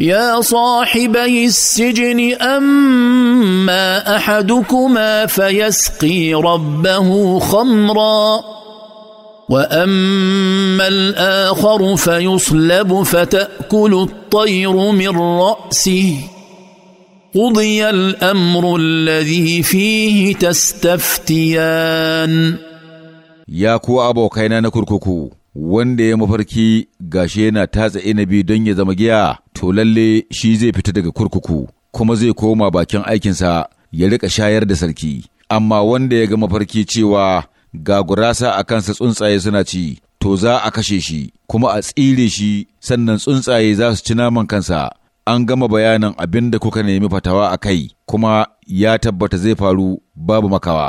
يا صاحبي السجن اما احدكما فيسقي ربه خمرا واما الاخر فيصلب فتاكل الطير من راسه قضي الامر الذي فيه تستفتيان يا كو ابو كينا نكرككو وندي مفركي غاشينا gashe yana دنيا زمجيا to lalle shi zai fita daga kurkuku kuma zai koma bakin aikinsa ya rika shayar da sarki amma wanda ya ga mafarki cewa ga gurasa a kansa tsuntsaye suna ci to za a kashe shi kuma a tsire shi sannan tsuntsaye za su ci naman kansa an gama bayanin abin da kuka nemi fatawa a kai kuma ya tabbata zai faru babu makawa